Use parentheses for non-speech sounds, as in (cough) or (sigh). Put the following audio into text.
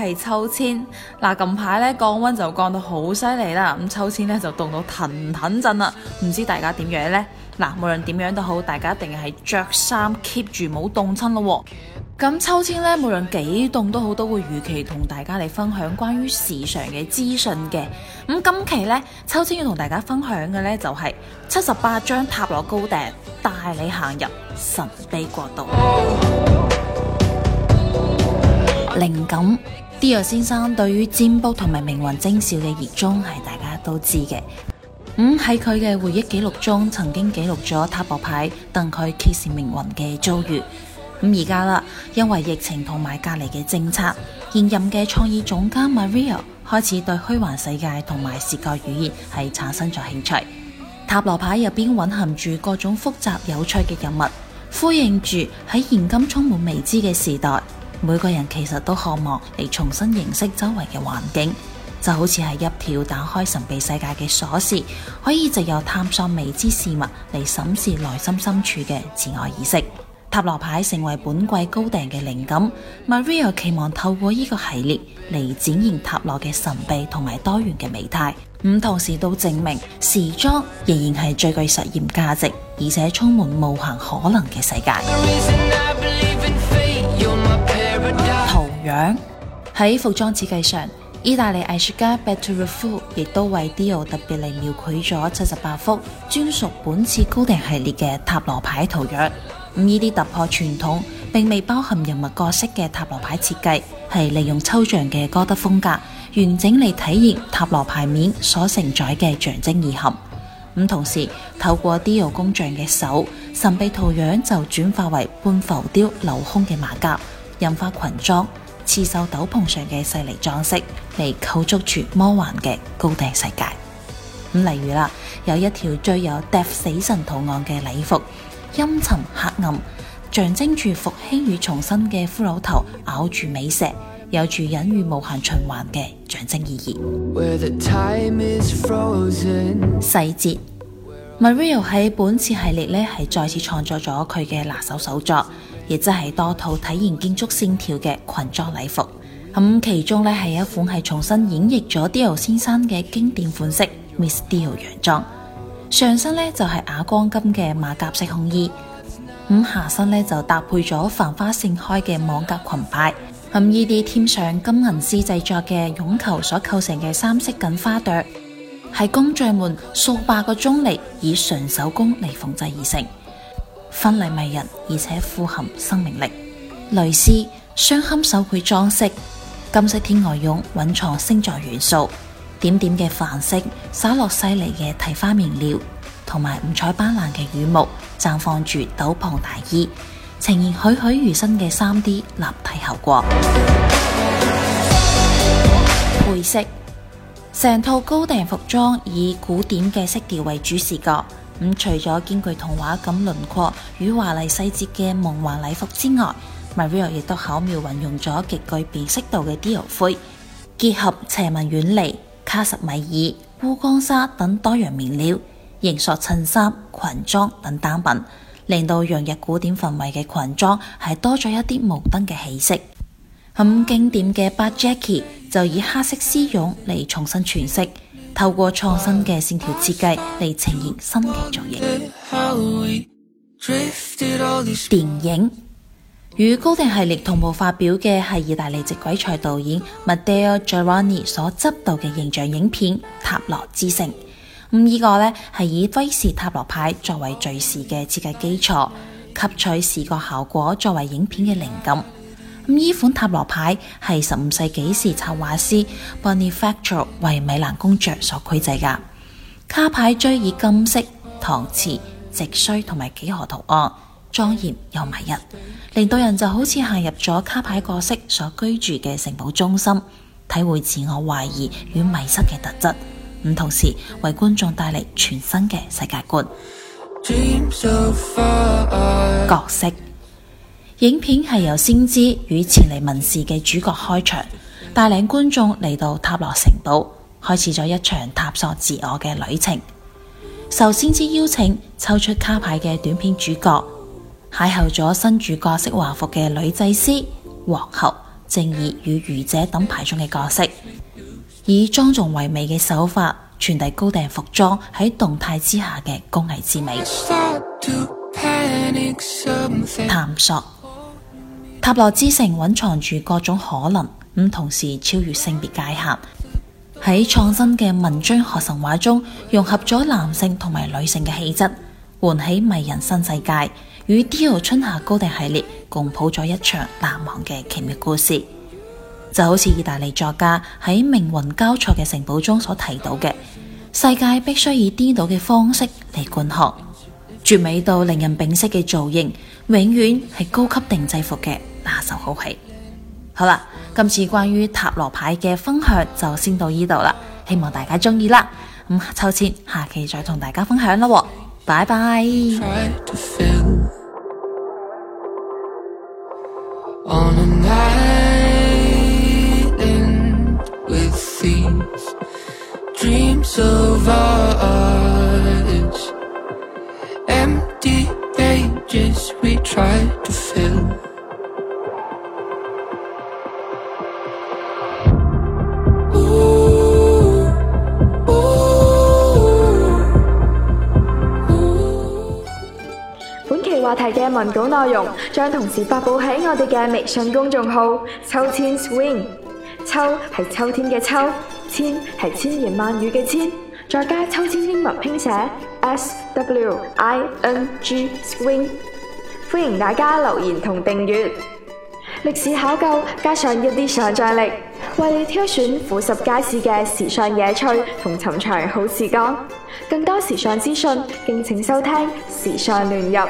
係秋千嗱、啊，近排咧降溫就降到好犀利啦，咁、嗯、秋千咧就凍到騰騰震啦，唔知大家點樣呢？嗱、啊，無論點樣都好，大家一定係着衫 keep 住冇凍親咯。咁、哦嗯、秋千咧，無論幾凍都好，都會如期同大家嚟分享關於時尚嘅資訊嘅。咁、嗯、今期咧，秋千要同大家分享嘅咧就係七十八張塔羅高訂帶你行入神秘國度，靈感。Dior 先生對於占卜同埋命運徵兆嘅熱衷係大家都知嘅。咁喺佢嘅回憶記錄中，曾經記錄咗塔羅牌等佢揭示命運嘅遭遇。咁而家啦，因為疫情同埋隔離嘅政策，現任嘅創意總監 Maria 開始對虛幻世界同埋視覺語言係產生咗興趣。塔羅牌入邊蘊含住各種複雜有趣嘅人物，呼應住喺現今充滿未知嘅時代。每個人其實都渴望嚟重新認識周圍嘅環境，就好似係一條打開神秘世界嘅鎖匙，可以藉由探索未知事物嚟審視內心深處嘅自我意識。塔羅牌成為本季高訂嘅靈感，Maria 期望透過呢個系列嚟展現塔羅嘅神秘同埋多元嘅美態，唔同時都證明時裝仍然係最具實驗價值而且充滿無限可能嘅世界。 (music) 樣喺 (music) 服裝設計上，意大利藝術家 Pietro Ruffo 亦都為 Dior 特別嚟描繪咗七十八幅專屬本次高定系列嘅塔羅牌圖樣。咁呢啲突破傳統，並未包含人物角色嘅塔羅牌設計，係利用抽象嘅歌德風格，完整嚟體現塔羅牌面所承載嘅象徵意涵。咁同時透過 Dior 工匠嘅手，神秘圖樣就轉化為半浮雕鏤空嘅馬甲、印花裙裝。刺繡斗篷上嘅細膩裝飾，嚟構築住魔幻嘅高定世界。咁例如啦，有一條最有 Death 死神圖案嘅禮服，陰沉黑暗，象徵住復興與重生嘅骷髏頭咬住美石，有住隱喻無限循環嘅象徵意義。Frozen，細節，Mario 喺本次系列咧係再次創作咗佢嘅拿手手作。亦即係多套體現建築線條嘅裙裝禮服，咁、嗯、其中咧係一款係重新演繹咗 Dior 先生嘅經典款式 Miss Dior 洋裝，上身呢就係、是、啞光金嘅馬甲式胸衣，咁、嗯、下身呢就搭配咗繁花盛開嘅網格裙擺，咁依啲添上金銀絲製作嘅絨球所構成嘅三色堇花朵，係工匠們數百個鐘嚟以純手工嚟縫製而成。絢麗迷人，而且富含生命力。蕾絲、鑲嵌手繪裝飾、金色天鵝絨蘊藏星座元素，點點嘅繁星灑落細膩嘅緹花面料，同埋五彩斑斕嘅羽毛，綻放住斗篷大衣，呈現栩栩如生嘅三 D 立體效果。配色：成 (music) 套高定服裝以古典嘅色調為主視覺。咁除咗兼具童話感輪廓與華麗細節嘅夢幻禮服之外，Maria 亦都巧妙運用咗極具辨識度嘅 Dior 灰，結合斜紋軟呢、卡什米爾烏干紗等多樣面料，形塑襯衫，衫、裙裝等單品，令到洋溢古典氛圍嘅裙裝係多咗一啲摩登嘅氣息。咁經典嘅 Bar Jacket 就以黑色絲絨嚟重新詮釋。透過創新嘅線條設計嚟呈現新嘅造型。 (music) 電影與高定系列同步發表嘅係意大利籍鬼才導演 Matteo Garrone 所執導嘅形象影片《塔羅之城》。咁依個咧係以威斯塔羅牌作為敘事嘅設計基礎，吸取視覺效果作為影片嘅靈感。咁呢款塔羅牌係十五世紀時插畫師 Bonifacio 為米蘭公爵所繪製噶。卡牌綴以金色、搪瓷、植萃同埋幾何圖案，莊嚴又迷人，令到人就好似行入咗卡牌角色所居住嘅城堡中心，體會自我懷疑與迷失嘅特質。咁同時為觀眾帶嚟全新嘅世界觀。So、far, 角色。影片係由先知與前嚟問事嘅主角開場，帶領觀眾嚟到塔羅城堡，開始咗一場探索自我嘅旅程。受先知邀請，抽出卡牌嘅短片主角，邂逅咗身著角色華服嘅女祭司、皇后、正義與愚者等牌中嘅角色，以莊重唯美嘅手法傳遞高定服裝喺動態之下嘅工藝之美，panic，探索。塔羅之城蘊藏住各種可能，同時超越性別界限，喺創新嘅文章學神話中，融合咗男性同埋女性嘅氣質，喚起迷人新世界，與 Dior 春夏高定系列共譜咗一場難忘嘅奇妙故事。就好似意大利作家喺命運交錯嘅城堡中所提到嘅，世界必須以顛倒嘅方式嚟觀看。絕美到令人屏息嘅造型，永遠係高級定製服嘅拿手好戲。好啦，今次關於塔羅牌嘅分享就先到呢度啦，希望大家中意啦。咁、嗯、秋千下期再同大家分享啦，拜拜。 (music) (music) 話題嘅文稿內容將同時發佈喺我哋嘅微信公眾號“秋千 Swing”，秋，秋，秋係秋天嘅秋，千係千言萬語嘅千，再加秋千英文拼寫 s w i n g Swing。歡迎大家留言同訂閱。歷史考究加上一啲想象力，為你挑選富十街市嘅時尚野趣同尋常好時光。更多時尚資訊，敬請收聽《時尚聯入》。